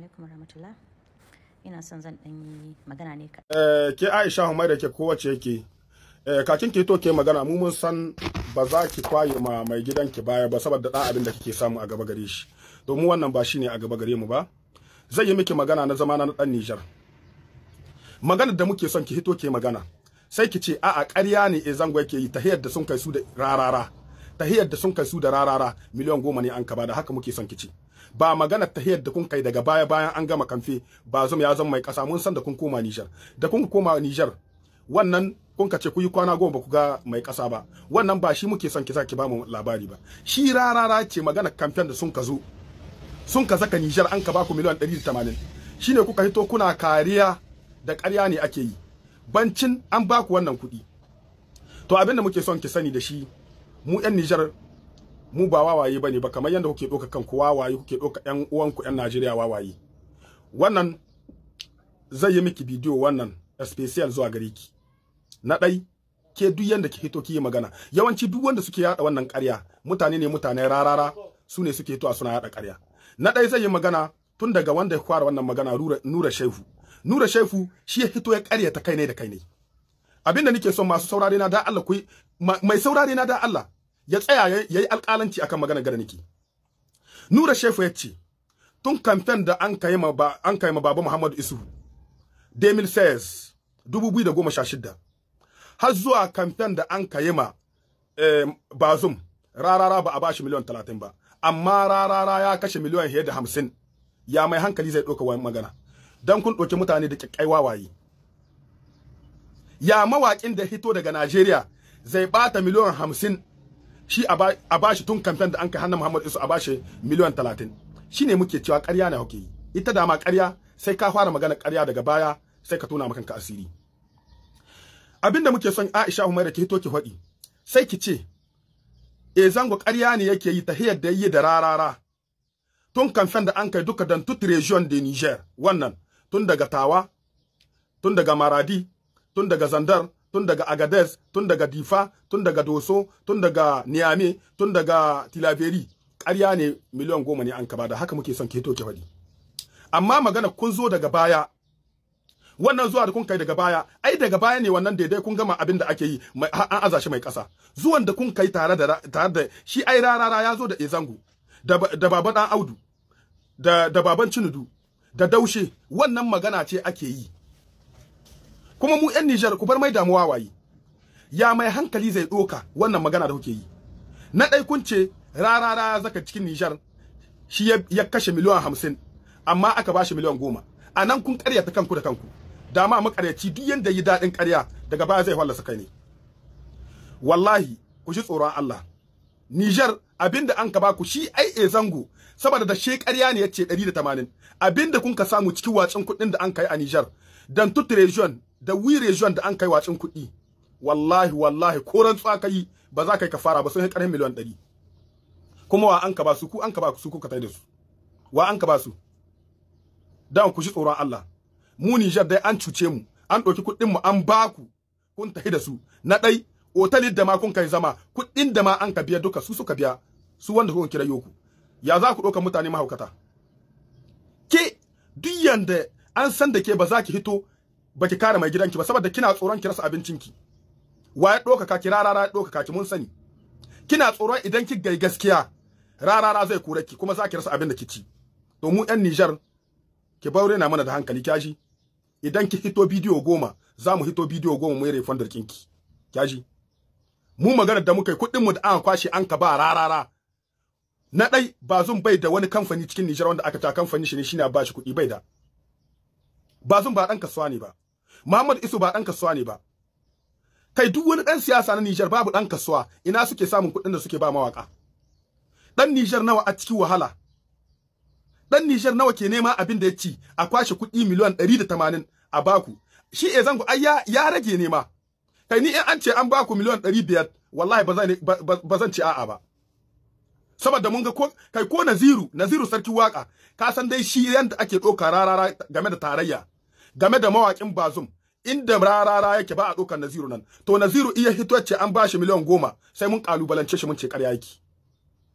alaikum warahmatullah ina son zan dan yi magana ne ka eh ke Aisha Humaira ke kowace yake eh kakin ke to ke magana mu mun san ba za ki kwaye ma mai gidanki baya ba saboda da abin da kike samu a gaba gare shi domin wannan ba shine a gaba gare mu ba zai yi miki magana na zama na dan Niger magana da muke son ki hito ke magana sai ki ce a'a ƙarya ne e zango yake yi tahiyar da sun kai su da rarara tahiyar da sun kai su da rarara miliyan goma ne an ka bada haka muke son ki ce ba magana tahiyar da kun kai daga baya bayan an gama kamfe ba zum ya zama mai kasa mun san da kun koma Niger da kun koma Niger wannan kun ka ce ku yi kwana goma ba ku ga mai kasa ba wannan ba shi muke son ki saki ba mu labari ba shi rarara ce magana kamfen da sun ka zo sun ka zaka Niger an ka ba ku miliyan 180 shine kuka hito kuna kariya da ƙarya ne ake yi bancin an ba ku wannan kuɗi to abin da muke son ki sani da shi mu 'yan Nijar mu ba wawaye bane ba kamar yadda kuke doka kanku wawaye kuke doka yan uwanku yan Najeriya wawaye wannan zai yi miki bidiyo wannan special zuwa gare ki na dai ke duk yanda ki hito ki magana yawanci duk wanda suke yada wannan ƙarya mutane ne mutane rarara su ne suke hito a suna yada ƙarya na dai zai yi magana tun daga wanda ya fara wannan magana Nura shefu Nura shefu shi ya hito ya ta kai ne da kai ne abinda nake son masu saurare na da Allah ku mai saurare na da Allah ya tsaya ya yi alƙalanci akan magana gara niki nura shefu ya tun kamfen da an kai ma an kai ma baba muhammadu isu 2016 2016 har zuwa kamfen da an kai ma eh, bazum rarara ba a bashi miliyan 30 ba amma rarara ya kashe miliyan 50 ya mai hankali zai ɗauka wani magana don kun ɗauki mutane da ƙyaƙƙai wawaye ya mawakin da hito daga Najeriya zai bata miliyan 50. shi a bashi tun kamfen da an kai hannun Muhammad Isu a bashi miliyan talatin shi ne muke cewa ƙarya na hauke ita dama karya sai ka fara magana karya daga baya sai ka tona makanka asiri abinda muke son Aisha da ki hito ki faɗi sai ki ce e zango karya ne yake yi ta hiyar da yi da rarara tun kamfen da an kai duka dan tut de Niger wannan tun daga Tawa tun daga Maradi tun daga Zandar tun daga Agades, tun daga Difa, tun daga Doso, tun daga Niame, tun daga tilaveri Ƙarya ne miliyan goma ne an kaba da haka muke son keto ke faɗi. Amma magana kun zo daga baya, wannan zuwa da kun kai daga baya, ai daga baya ne wannan daidai kun gama abin da ake yi an aza shi mai ƙasa. Zuwan da kun kai tare da tare da shi ai rarara ya zo da Ezangu, da baban Audu, da baban Cinudu, da daushe, wannan magana ce ake yi. kuma mu yan Nijar ku bar mai damuwa wayi ya mai hankali zai doka wannan magana da kuke yi na dai kun ce rarara zaka cikin Nijar shi ya kashe miliyan hamsin amma aka bashi miliyan goma a nan kun ta kanku da kanku dama makaryaci duk yanda yi daɗin karya daga baya zai fallasa kai ne wallahi ku ji tsoron Allah Niger abinda an ka baku shi ai e zango saboda da she ƙarya ne yace 180 abinda kun ka samu cikin watsin kuɗin da an kai a Niger dan tut region da wire juan da an kai watsin kuɗi wallahi wallahi ko rantsuwa ka yi ba za ka yi kafara ba sun kai ƙarfin miliyan ɗari kuma wa an ka ba su ku an ka ba su ku ka tai da su wa an ka ba su dan ku shi tsoron Allah mu jar dai an cuce mu an ɗauki kuɗin mu an ba ku kun tafi da su na ɗai otalin da ma kun kai zama kuɗin da ma an ka biya duka su suka biya su wanda kun kira yoku ya za ku ɗaukar mutane mahaukata ke duk yanda an san da ke ba za ki hito baki kare mai gidanki ba saboda kina tsoron ki rasa abincinki waye kira ki rarara ɗaukaka ki mun sani kina tsoron idan ki gai gaskiya rara zai kore ki kuma za ki rasa abin da kici to mu yan Niger ki baure na mana da hankali kaji idan ki hito bidiyo goma za mu hito bidiyo goma mu yare fondar kinki kaji mu magana da muka yi kuɗin mu da aka kwashe an ka ba rarara na dai ba zun bai da wani kamfani cikin Niger wanda aka ta kamfani shi ne shine ba shi kuɗi bai da ba zun ba dan kasuwa ne ba Muhammad Isu ba dan kasuwa ne ba kai duk wani dan siyasa na Niger babu dan kasuwa ina suke samun kuɗin da suke ba mawaka dan Niger nawa a cikin wahala dan Niger nawa ke nema abin da ya ci a kwashe kuɗi miliyan 180 a baku shi e zango ai ya, ya rage nema kai ni in an ce an baku miliyan 500 wallahi ba zan ce a'a ba saboda mun ga kai ko Naziru Naziru sarki waka ka san dai shi yanda ake doka rarara game da tarayya game da mawakin bazum inda rarara yake ba a ɗaukar naziru nan to naziru iya hito an bashi miliyan goma sai mun kalubalance shi mun ce ƙarya yake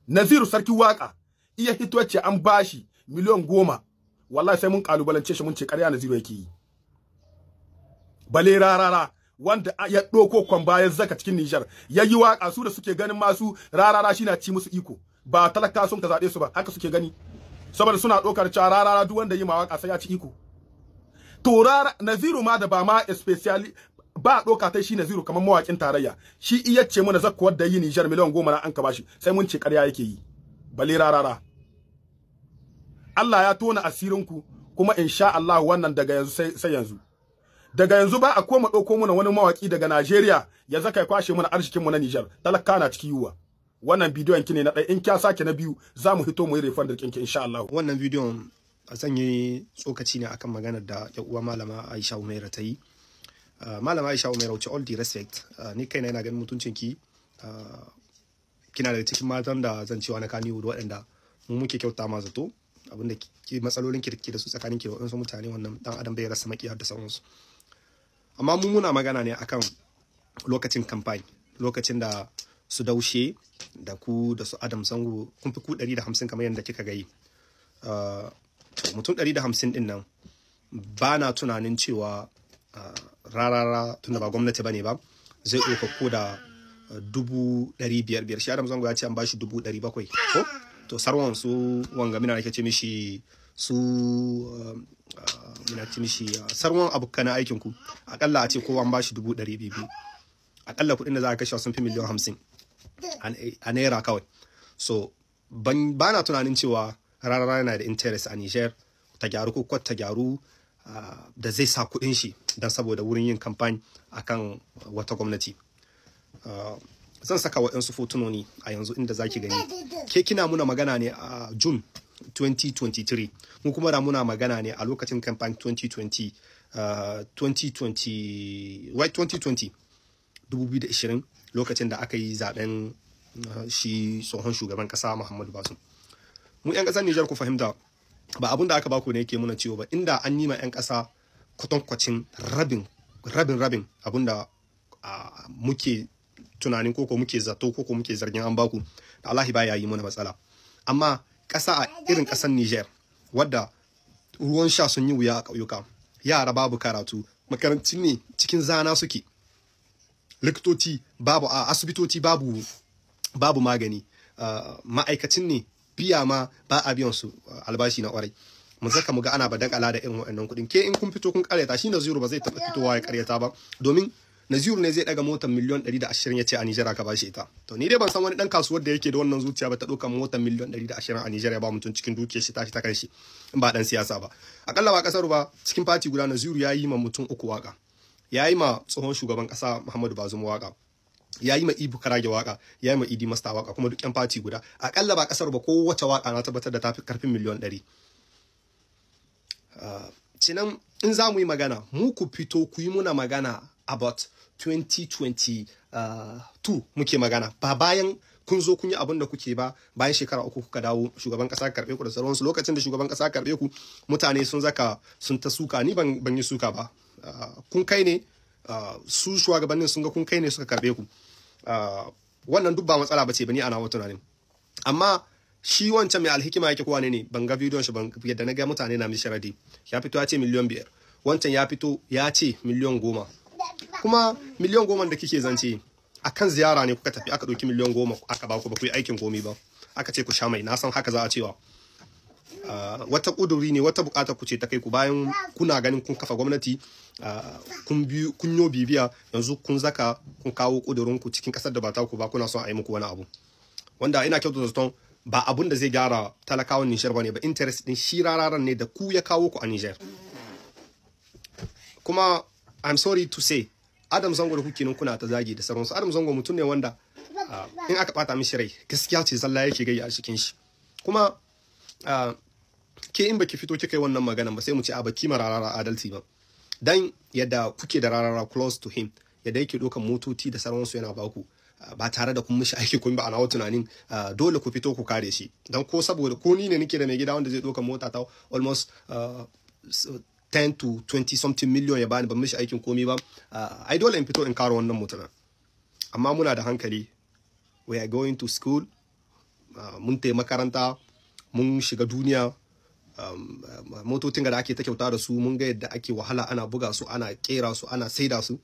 naziru sarki waka iya hito an bashi miliyan goma wallahi sai mun kalubalance shi mun ce ƙarya naziru yake yi bale rarara wanda ya doko kwan bayan zaka cikin Nijar ya yi waka su da suke ganin masu rarara shi na ci musu iko ba talaka sun ka zaɓe su ba haka suke gani saboda suna ɗaukar cewa rarara duk wanda yi mawaƙa sai ya ci iko turara naziru ma da ba ma especially ba doka ta shi naziru kamar mawakin tarayya shi iya ce mana zakkuwar da yi Niger miliyan goma na an ka bashi sai mun ce ƙarya yake yi bale rarara Allah ya tona asirin ku kuma insha Allah wannan daga yanzu sai, sai yanzu daga yanzu ba a koma ɗauko mana wani mawaki daga Najeriya ya zaka ya kwashe mana arzikin mu na Niger talaka na cikin yuwa wannan bidiyon ki ne na ɗaya in kya sake na biyu za mu hito mu yi refund ɗinki insha Allah wannan bidiyon zan yi tsokaci ne akan maganar da ya uwa malama Aisha Umaira ta yi ah, malama Aisha Umaira wuce all the respect ah, ni kaina yana ganin mutuncin ki ah, kina daga cikin matan da zan cewa na kani da waɗanda mu muke kyauta ma zato abinda ki matsalolin ki da su tsakanin ki da waɗansu mutane wannan dan adam bai rasa makiya da sauransu amma mu muna magana ne akan lokacin kamfani lokacin da su daushe da ku da su adam sango kun fi ku 150 kamar yadda kika gayi mutum 150 din nan ba na tunanin cewa rarara tunda ba gwamnati ba ne ba zai ɗauka ko da dubu ɗari biyar biyar shi adam zango ya ce an ba shi dubu ɗari bakwai ko to sarwan su wanga mina ake ce mishi su mina ce mishi sarwan abokan aikin ku akalla a ce kowa an ba shi dubu ɗari biyu akalla kuɗin da za a kashe sun fi miliyan hamsin a naira kawai so ba na tunanin cewa rarara yana da interest a Niger ta gyaru ko ta gyaru ah, da zai sa kuɗin shi don saboda wurin yin kamfani kan wata gwamnati ah, zan saka wa waɗansu fotunoni a yanzu inda za ki gani ke kina muna magana ne a june 2023 mu kuma da muna magana ne a lokacin kamfan 2020 2020 2020 2020 lokacin da aka yi zaben ah, shi tsohon shugaban kasa muhammadu basu mu yan ƙasar Nijar ku fahimta ba abun da aka baku ne yake muna ciwo ba inda an yi ma yan ƙasa kwatankwacin rabin rabin rabin abun da muke tunanin ko ko muke zato ko ko muke zargin an baku da Allah ba ya yi muna matsala amma ƙasa a irin ƙasar Nijar wadda ruwan sha sun yi wuya a ƙauyuka yara babu karatu makarantun ne cikin zana suke likitoci babu a asibitoci babu babu magani ma'aikacin ne biya ma ba a biyan su uh, albashi na kwarai mu saka mu ga ana badakala da irin waɗannan kuɗin ke in kun fito kun karyata shi Naziru ba zai taɓa fitowa ya karyata ba domin Naziru ne zai daga motar miliyon 120 ya ce a Nijar ba bashi ita. To ni dai ban san wani dan kasuwar da yake da wannan zuciya ba ta ɗaukan motar miliyon 120 a Nijar ya ba mutum cikin dukiyar shi tashi ta kanshi in ba dan siyasa ba. Akalla ba kasar ba cikin fati guda Naziru ya yi ma mutum uku waka. Ya yi ma tsohon shugaban kasa Muhammadu bazuma waka. ya yi ma ibu rage waka ya yi ma idi masta waka kuma duk yan fati guda akalla ba kasar ba kowace waka na tabbatar da tafi karfin miliyon ɗari ah, cinan in za mu yi magana mu ku fito ku yi muna magana about 2022 ah, muke magana ba bayan kun zo kun yi abin da kuke ba bayan shekara uku kuka dawo shugaban kasa karɓe ku da sauransu lokacin da shugaban kasa karɓe ku mutane sun zaka sun ta suka ni ban yi suka ba ah, kun kai ne su shugabannin sun ga kun kai ne suka karɓe ku Ah, wannan duk ba matsala ba ni ana wa tunanin amma shi wancan mai alhikima yake kowa ne ne ban ga bidiyon shi ban yadda na ga mutane na mishi radi ya fito ya ce miliyan biyar wancan ya fito ya ce miliyan goma kuma miliyan goma da kike zance a kan ziyara ne kuka tafi aka ɗauki miliyan goma aka ba ku ba ku yi aikin komi ba aka ce ku sha mai na san haka za a cewa Ah, wata kuduri ne wata bukata ku ce ta kai ku bayan kuna ganin kun kafa gwamnati ah, kun yo bibiya yanzu kun zaka kun kawo ƙudurin ku cikin kasar da ba ta ku ba kuna son a yi muku wani abu wanda ina da ston ba abun da zai gyara talakawan Nijar ba ne ba interest din shi rararan ne da ku ya kawo ku a Nijar. Kuma I'm sorry to say Adam Zango da kuke nan kuna ta zagi da sauransu Adam Zango mutum ne wanda ah, in aka bata mishi rai gaskiya ce zalla yake gai a cikin shi. Kuma ke in baki fito kika yi wannan magana ba sai mu ce a baki ma adalci ba dan yadda kuke da rarara close to him yadda yake dokan motoci da sauransu yana baku ba tare da kun mishi aiki kun ba a nawa tunanin dole ku fito ku kare shi dan ko saboda ko ni ne nake da mai gida wanda zai dokan mota ta almost 10 to 20 something million ya bani ban mishi aikin komi ba ai dole in fito in karo wannan mutumin amma muna da hankali we are going to school mun tai makaranta mun shiga duniya um, motocin da ake ta kyauta da su mun ga yadda ake wahala ana buga su ana kera su ana saida su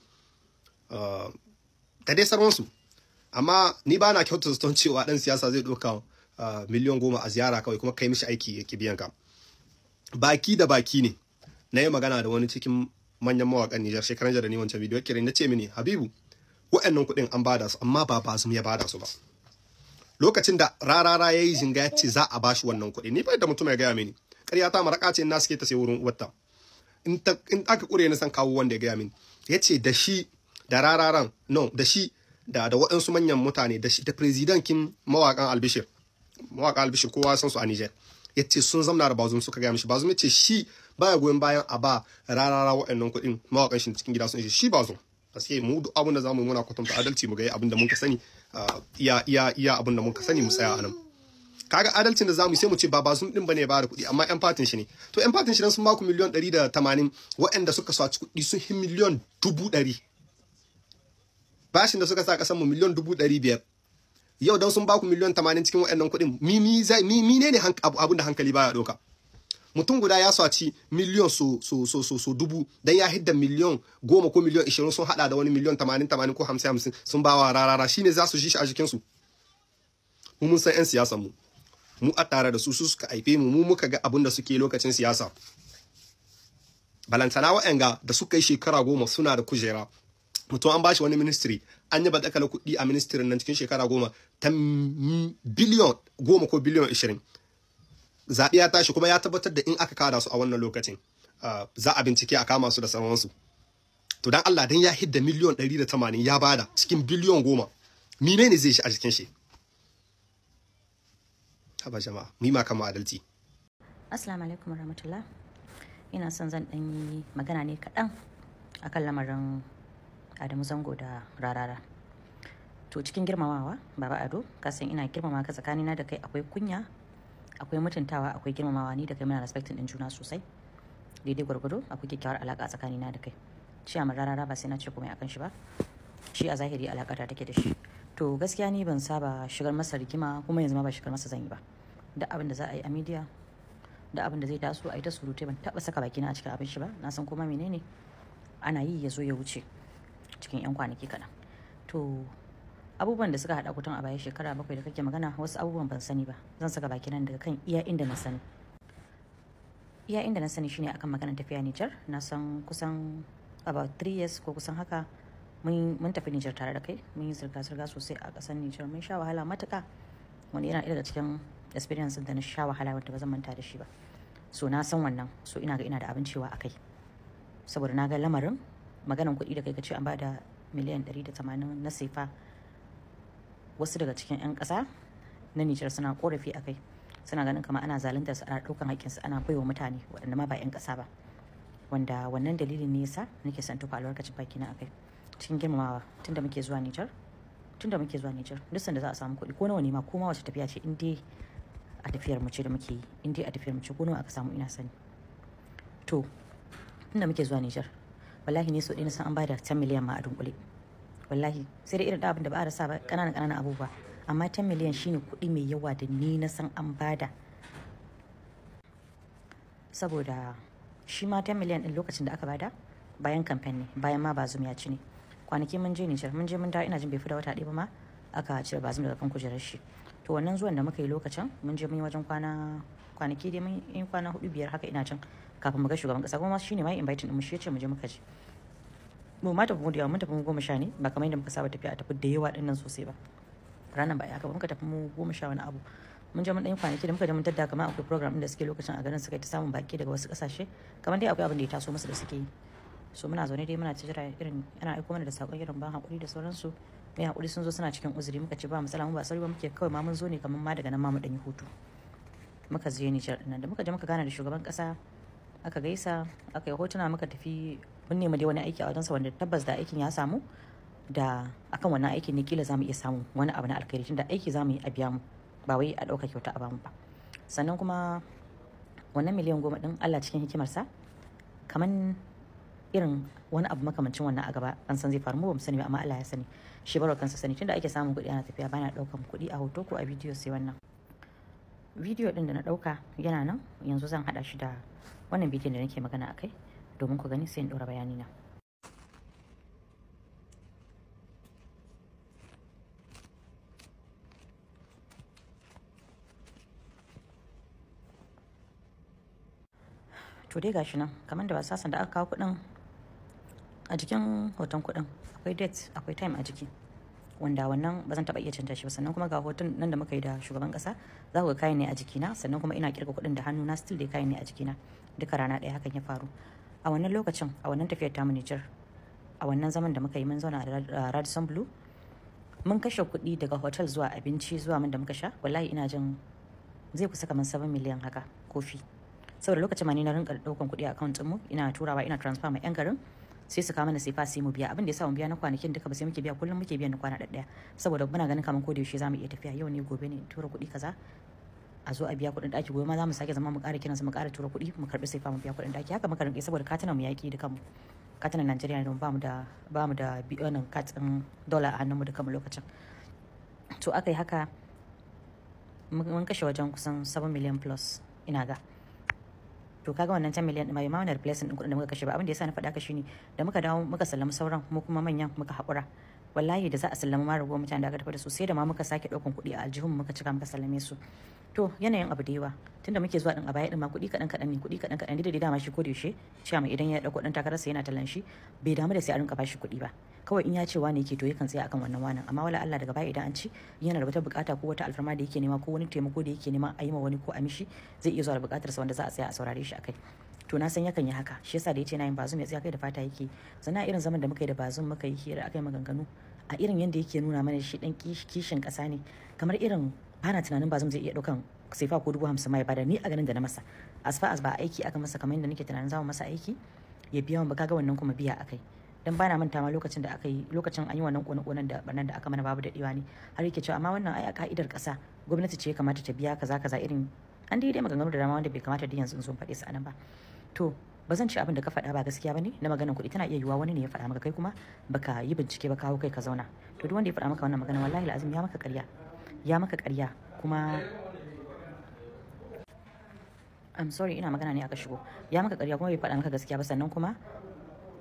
uh, da dai sauransu amma ni ba na kyauta su cewa dan siyasa zai ɗauka uh, miliyan goma a ziyara kawai kuma kai mishi aiki ya biyan ka baki da baki ne na yi magana da wani cikin manyan mawakan Nijar shekaran da ni wancan bidiyo kirin na ce mini Habibu wa'annan kuɗin an bada su amma ba ba ya bada su ba lokacin da rarara ya yi zinga ya ce za a bashi wannan kuɗi ni fa da mutum ya gaya mini ƙarya ta maraƙa ce na suke ta sai wurin uwarta in aka ƙure na san kawo wanda ya gaya mini ya ce da shi da rararan no da shi da da waɗansu manyan mutane da shi da firizidankin mawaƙan albishir mawaƙan albishir kowa san su a nijar ya ce sun zamna da bazum suka gaya mishi bazum ya ce shi baya goyon bayan a ba rarara waɗannan kuɗin mawaƙan shi cikin gida sun ce shi bazum gaskiya mu duk abin da zamu muna kwatanta adalci mu ga abin da mun ka sani iya uh, iya iya abin da muka sani mu tsaya a nan kaga adalcin da zamu sai mu ce ba bazum din bane ba da kuɗi amma yan fatin shi ne to yan fatin shi dan sun baku miliyan 180 wa'anda suka saci kuɗi sun hin miliyan dubu ɗari bashin da suka sa kasan mu miliyan dubu ɗari biyar yau dan sun baku miliyan 80 cikin wa'annan kuɗin mi mi mi ne ne abun da hankali baya doka? mutum guda ya saci miliyon so so so so so dubu dan ya hidda miliyon goma ko miliyon ishirin sun hada da wani miliyon tamanin tamanin ko hamsin hamsin sun bawa rarara shine za su ji shi a jikinsu mu mun san 'yan siyasa mu mu a tare da su su suka haife mu mu muka ga abin da suke lokacin siyasa balantana wa'anga da suka yi shekara goma suna da kujera mutum an bashi wani ministry an yi badakala kuɗi a ministirin nan cikin shekara goma ta biliyon goma ko biliyon ishirin zaɓe ya tashi kuma ya tabbatar da in aka kada su a wannan lokacin uh, za a bincike a kama su da sauransu to dan Allah dan ya hidda miliyon ɗari da tamanin ya bada cikin biliyon goma mine ne zai shi a jikin shi haba jama'a mi ma kama adalci assalamu alaikum warahmatullah ina son zan ɗan yi magana ne kaɗan akan lamarin Adamu Zango da Rarara to cikin girmamawa baba Ado kasan ina girmama ka tsakanina da kai akwai kunya akwai mutuntawa akwai girmamawa ni da kai muna respecting din juna sosai daidai gwargwado akwai kyakkyawar alaka tsakanina da kai shi a rara ba sai na ce komai akan shi ba shi a zahiri alaka ta take da shi to gaskiya ni ban saba shigar masa rigima kuma yanzu ma ba shigar masa zan yi ba da abin da za a yi a media da abin da zai taso a yi ta surutai ban taba saka baki na a cikin abin shi ba na san kuma menene ana yi ya zo ya wuce cikin yan kwanaki kana to abubuwan da suka haɗa kutun a bayan shekara bakwai da kake magana wasu abubuwan ban sani ba zan saka baki nan daga kan iya inda na sani iya inda na sani shine akan magana tafiya Nijar na san kusan about 3 years ko kusan haka mun tafi Nijar tare da kai mun yi zirga-zirga sosai a ƙasar Nijar mun sha wahala matuka wani yana daga cikin experience da na sha wahala wanda ba zan manta da shi ba so na san wannan so ina ga ina da abin cewa akai saboda na ga lamarin maganan kuɗi da kai ka ce an da miliyan 180 na sefa wasu daga cikin 'yan ƙasa na nijar suna korafi a kai suna ganin kama ana zalunta su ana ɗaukan haƙƙinsu ana baiwa mutane waɗanda ma ba 'yan ƙasa ba wanda wannan dalilin ne yasa nake son tufa albarkacin baki na akai cikin girmamawa tunda muke zuwa nijar tunda muke zuwa nijar duk sanda za a samu kuɗi ko nawa ne ma ko ma wace tafiya ce in dai a tafiyar mu ce da muke yi in dai a tafiyar mu ce ko nawa aka samu ina sani to tunda muke zuwa nijar wallahi ne so ɗaya na san an bada 10 miliyan ma a dunkule wallahi sai da irin abin da ba a rasa ba kananan abubuwa amma 10 miliyan shine kuɗi mai yawa da ni na san an bada saboda shi ma 10 miliyan din lokacin da aka bada bayan kamfen ne bayan ma ba zum ya ci ne kwanaki mun je Nijar mun je mun dawo ina jin bai fi da wata ɗaya ba ma aka cire zum daga kan kujerar shi to wannan zuwan da muka yi lokacin mun je mun yi wajen kwana kwanaki dai mun yi kwana hudu biyar haka ina can kafin mu ga shugaban kasa kuma shine ma inviting din mu shi ce mu je muka je mu ma tafi mu da yawa mun tafi mu goma sha ne ba kamar yadda muka saba tafiya a tafi da yawa dinnan sosai ba ranar ba ya haka ba muka tafi mu goma sha wani abu mun je mun dan kwanaki da muka je mun tadda kamar akwai program da suke lokacin a garin suka ta samun baki daga wasu kasashe kamar dai akwai abin da ya taso musu da suke yi so muna zaune dai muna jira irin ana aiko mana da sakon irin ban hakuri da sauransu mai hakuri sun zo suna cikin uzuri muka ce ba matsala mu ba sauri ba muke kawai ma mun zo ne kamar ma daga nan ma mu dan yi hutu muka je Nijar din da muka je muka gana da shugaban kasa aka gaisa aka yi hotuna muka tafi mun nemi dai wani aiki a wajensa wanda tabbas da aikin ya samu da akan wannan aikin ne kila zamu iya samu wani abu na alkhairi tunda aiki zamu yi a biya mu ba wai a ɗauka kyauta a bamu ba sannan kuma wannan miliyan goma ɗin Allah cikin hikimarsa kaman irin wani abu makamancin wannan a gaba an san zai faru mu ba mu sani ba amma Allah ya sani shi barwa kansa sani tunda ake samu kuɗi ana tafiya bana ɗaukan kuɗi a hoto ko a bidiyo sai wannan bidiyo ɗin da na dauka yana nan yanzu zan hada shi da wannan bidiyon da nake magana akai domin ku gani sai in ɗora bayani na. to dai gashi nan kamar da sasan da aka kawo kuɗin a jikin hoton kuɗin akwai date akwai time a jiki wanda wannan ba zan taɓa iya canta shi ba sannan kuma ga hoton nan da muka yi da shugaban kasa, za ku ga kayan ne a jikina sannan kuma ina kirga kuɗin da na still dai kayan ne a jikina duka rana ɗaya hakan ya faru a wannan lokacin a wannan tafiyar tamu Nijar a wannan zaman da muka yi mun zauna a Radisson Blue mun kashe kuɗi daga hotel zuwa abinci zuwa mun da muka sha wallahi ina jin zai kusa kamar 7 miliyan haka kofi saboda lokacin ma ni na rinka daukan kuɗi a account mu ina turawa ina transfer ma yan garin sai su kama na sai sai mu biya abin da yasa mu biya na kwanakin duka ba sai muke biya kullum muke biya na kwana ɗaya saboda muna ganin kamar ko da yaushe zamu iya tafiya yau ne gobe ne tura kuɗi kaza a zo a biya kuɗin ɗaki gobe ma za mu sake zama mu ƙara kiran su mu ƙara tura kuɗi mu karɓi sai mu biya kuɗin ɗaki haka muka rinƙe saboda katinan mu yaƙi da kanmu katinan Najeriya ne ba mu da ba mu da biyanin katin dola a hannunmu da kanmu lokacin to aka yi haka mun kashe wajen kusan 7 million plus ina ga to kaga wannan can miliyan mai ma wannan replacement din kuɗin da muka kashe ba abin da yasa na faɗa ka shine da muka dawo muka sallama sauran mu kuma manyan muka haƙura wallahi da za a sallama ma ragowar mutane da aka tafi da su sai da ma muka sake ɗaukan kuɗi a aljihun muka cika muka sallame su to yanayin abu da yawa tunda muke zuwa din a baya din ma kuɗi kaɗan kaɗan ne kuɗi kaɗan kaɗan ne da dama shi ko da yaushe cewa mai idan ya ɗauko ɗan takararsa yana talan shi bai damu da sai a rinka bashi kuɗi ba kawai in ya ce wani yake to yakan tsaya akan wannan wanan amma wala Allah daga baya idan an ci yana da wata bukata ko wata alfarma da yake nema ko wani taimako da yake nema a yi ma wani ko a mishi zai iya zuwa da bukatarsa wanda za a tsaya a saurare shi akai to na san yakan yi haka shi yasa da yace na yin bazum ya tsaya kai da fata yake sannan irin zaman da muka yi da bazum muka yi hira akai maganganu a irin yadda yake nuna mana shi dan kishin kasa ne kamar irin bana tunanin bazum zai iya daukan sefa ko dubu hamsin mai bada ni a ganin da na masa as far as ba aiki aka masa kamar yadda nake tunanin zamu masa aiki ya biya mu kaga wannan kuma biya akai dan bana manta ma lokacin da aka yi lokacin an yi wannan kone-konen da bannan da aka mana babu dadewa ne har yake cewa amma wannan ai a ka'idar ƙasa gwamnati ce ya kamata ta biya kaza kaza irin an dai dai maganganu da dama wanda bai kamata da yanzu zo faɗe su anan ba to ba zan ci abin da ka faɗa ba gaskiya bane na maganar kuɗi tana iya yiwuwa wani ne ya faɗa maka kai kuma baka yi bincike ba kawo kai ka zauna to duk wanda ya faɗa maka wannan magana wallahi lazim ya maka ƙarya ya maka ƙarya kuma I'm sorry ina magana ne aka shigo ya maka ƙarya kuma bai faɗa maka gaskiya ba sannan kuma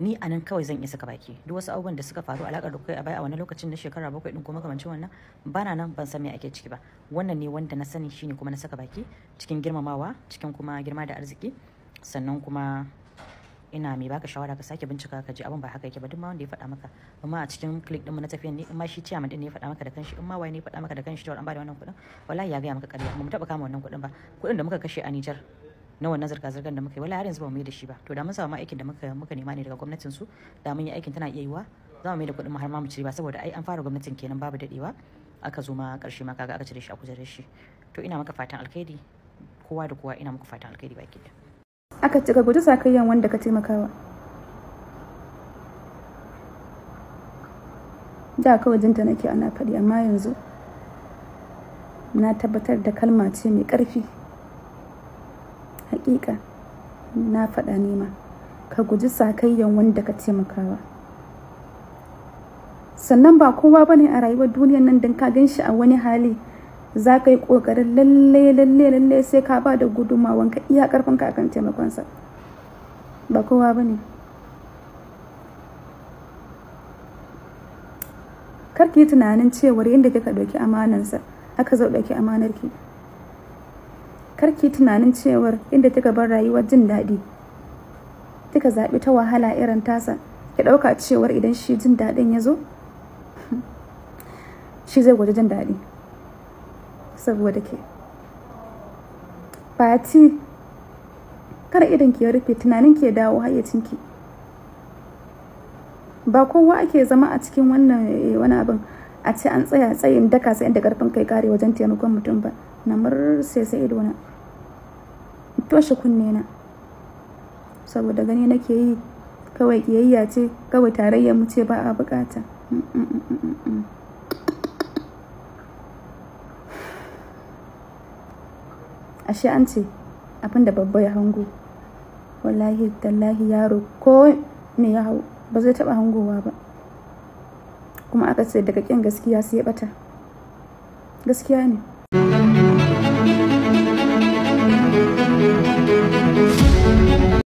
ni a nan kawai zan iya saka baki duk wasu abubuwan da suka faru alaƙar da kai a baya a wani lokacin na shekara bakwai din kuma kamancin wannan bana nan ban san me ake ciki ba wannan ne wanda na sani shine kuma na saka baki cikin girmamawa cikin kuma girma da arziki sannan kuma ina mai baka shawara ka sake bincika ka ji abin ba haka yake ba duk ma wanda ya faɗa maka amma a cikin click din mu na tafiyan ne in ma shi ciyaman din ne ya faɗa maka da kanshi in ma wai ne ya faɗa maka da kanshi cewa an ba da wannan kuɗin wallahi ya gaya maka ƙarya mu taɓa kama wannan kuɗin ba kuɗin da muka kashe a Niger na wannan zirga-zirgar da muka yi wallahi har yanzu ba mu yi da shi ba to da mun samu aikin da muka muka nema ne daga gwamnatin su da mun yi aikin tana iya yiwa za mu mai da kuɗin mu har ma mu cire ba saboda ai an fara gwamnatin kenan babu dadewa aka zo ma karshe ma kaga aka cire shi a kujerar shi to ina maka fatan alkhairi kowa da kowa ina maka fatan alkhairi baki ɗaya aka ce ka guji sakayyan wanda ka taimakawa da kawai jinta nake ana faɗi amma yanzu na tabbatar da kalma ce mai ƙarfi hakika na faɗa nema ka guji sakayyan wanda ka taimakawa sannan ba kowa bane a rayuwar duniyar nan don ka gan shi a wani hali za ka yi ƙoƙarin lalle lalle lalle sai ka ba da gudunmawan ka iya ƙarfin ka akan taimakonsa ba kowa ba ne karki tunanin cewar inda kika ɗauki amanansa aka zau ɗauki amanarki karki tunanin cewar inda kika bar rayuwar jin daɗi kika zaɓi ta wahala irin tasa ki ɗauka cewar idan shi jin daɗin ya zo shi zai gwaji jin daɗi saboda ke fati kar idan ki ya rufe tunanin ke dawo dawo hayyacinki ba kowa ake zama a cikin wannan eh, wani abin a ce an tsaya tsayin daka sai inda karfin kai kare wajen taimakon mutum ba namar sai sai idona toshe kunne na saboda gani nake yi kawai kiyayya ce kawai tarayyar mu ce ba a bukata mm, mm, mm, ashe an ce abin da babba ya hango wallahi tallahi yaro ko ne ya hau ba zai taba hangowa ba kuma aka ce daga kyan gaskiya sai ya bata gaskiya ne